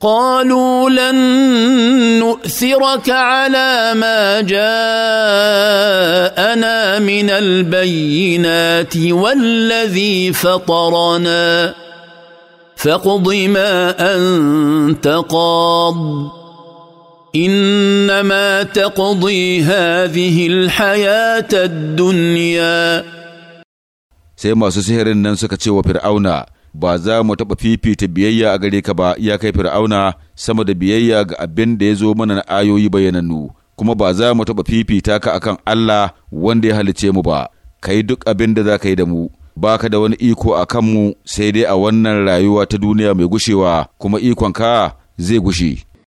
قالوا لن نؤثرك على ما جاءنا من البينات والذي فطرنا فاقض ما انت قاض انما تقضي هذه الحياه الدنيا سيما سهر النسكه وفرعون ba za mu taɓa fifita biyayya a gare ka ba ya kai fir'auna sama da biyayya ga abin da ya zo mana na ayoyi bayyanannu kuma ba za mu taɓa fifita ka akan Allah wanda ya halice mu ba kai duk abin da za ka yi da mu ba ka da wani iko a kanmu sai dai a wannan rayuwa ta duniya mai gushewa kuma ikonka zai gushe